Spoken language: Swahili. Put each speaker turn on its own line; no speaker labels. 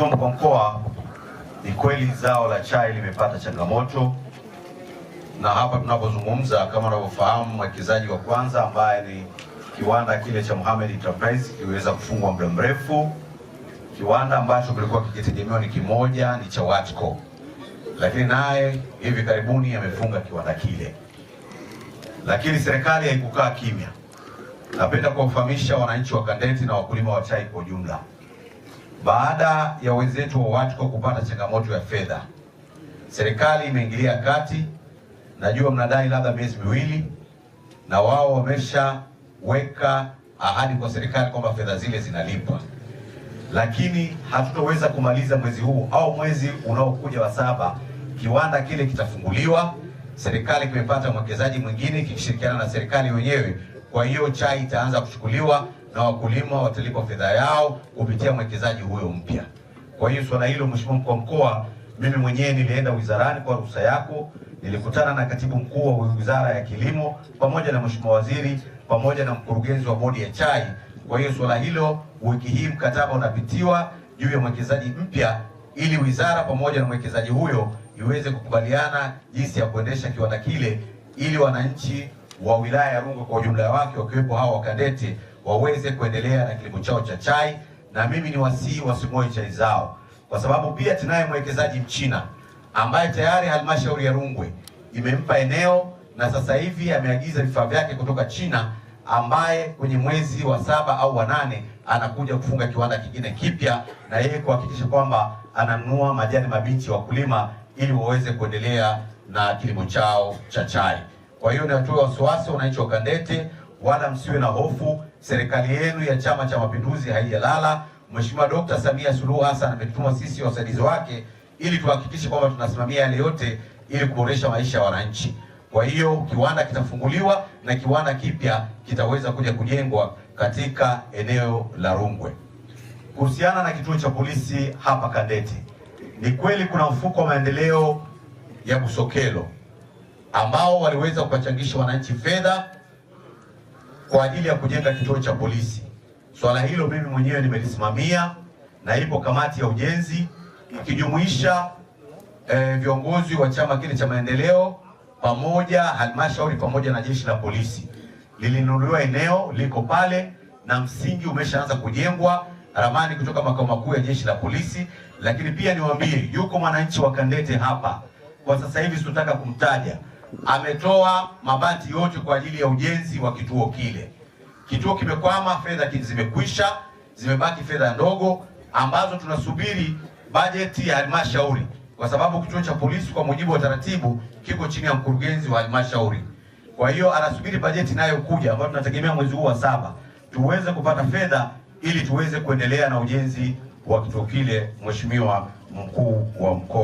Mheshimiwa mkuu wa mkoa, ni kweli zao la chai limepata changamoto, na hapa tunapozungumza, kama unavyofahamu, mwekezaji wa kwanza ambaye ni kiwanda kile cha Mohamed Enterprise kiweza kufungwa muda mrefu, kiwanda ambacho kilikuwa kikitegemewa ni kimoja ni cha Watco, lakini naye hivi karibuni amefunga kiwanda kile, lakini serikali haikukaa kimya. Napenda kuwafahamisha wananchi wa Kandeti na wakulima wa chai kwa ujumla baada ya wenzetu wa Watco kupata changamoto ya fedha, serikali imeingilia kati. Najua mnadai labda miezi miwili, na wao wameshaweka ahadi kwa serikali kwamba fedha zile zinalipwa, lakini hatutoweza kumaliza mwezi huu au mwezi unaokuja wa saba. Kiwanda kile kitafunguliwa, serikali kimepata mwekezaji mwingine kikishirikiana na serikali wenyewe, kwa hiyo chai itaanza kuchukuliwa na wakulima watalipa fedha yao kupitia mwekezaji huyo mpya. Kwa hiyo swala hilo, Mheshimiwa Mkuu wa Mkoa, mimi mwenyewe nilienda wizarani kwa ruhusa yako, nilikutana na katibu mkuu wa Wizara ya Kilimo pamoja na Mheshimiwa Waziri pamoja na mkurugenzi wa Bodi ya Chai. Kwa hiyo swala hilo, wiki hii mkataba unapitiwa juu ya mwekezaji mpya ili wizara pamoja na mwekezaji huyo iweze kukubaliana jinsi ya kuendesha kiwanda kile ili wananchi wa wilaya ya Rungwe kwa ujumla wake wakiwepo hao wakadete waweze kuendelea na kilimo chao cha chai, na mimi ni wasii wasimoe chai zao, kwa sababu pia tunaye mwekezaji mchina ambaye tayari halmashauri ya Rungwe imempa eneo na sasa hivi ameagiza vifaa vyake kutoka China, ambaye kwenye mwezi wa saba au wa nane anakuja kufunga kiwanda kingine kipya, na yeye kuhakikisha kwamba ananunua majani mabichi wakulima, ili waweze kuendelea na kilimo chao cha chai. Kwa hiyo niwatoe wasiwasi wananchi wa Kandete wala msiwe na hofu. Serikali yenu ya Chama cha Mapinduzi haijalala. Mheshimiwa Dr. Samia Suluhu Hassan ametutuma sisi wasaidizi wake ili tuhakikishe kwamba tunasimamia yale yote ili kuboresha maisha ya wananchi. Kwa hiyo kiwanda kitafunguliwa na kiwanda kipya kitaweza kuja kujengwa katika eneo la Rungwe. Kuhusiana na kituo cha polisi hapa Kandeti, ni kweli kuna mfuko wa maendeleo ya Busokelo ambao waliweza kuwachangisha wananchi fedha kwa ajili ya kujenga kituo cha polisi. Swala hilo mimi mwenyewe nimelisimamia na ipo kamati ya ujenzi ikijumuisha e, viongozi wa chama kile cha maendeleo pamoja halmashauri pamoja na jeshi la polisi. Lilinunuliwa eneo liko pale na msingi umeshaanza kujengwa, ramani kutoka makao makuu ya jeshi la polisi. Lakini pia niwaambie, yuko mwananchi wa Kandete hapa kwa sasa hivi, sitotaka kumtaja ametoa mabati yote kwa ajili ya ujenzi wa kituo kile. Kituo kimekwama, fedha zimekwisha, zimebaki fedha ndogo ambazo tunasubiri bajeti ya halmashauri, kwa sababu kituo cha polisi kwa mujibu wa taratibu kiko chini ya mkurugenzi wa halmashauri. Kwa hiyo anasubiri bajeti inayokuja ambayo tunategemea mwezi huu wa saba tuweze kupata fedha ili tuweze kuendelea na ujenzi wa kituo kile, Mheshimiwa Mkuu wa Mkoa.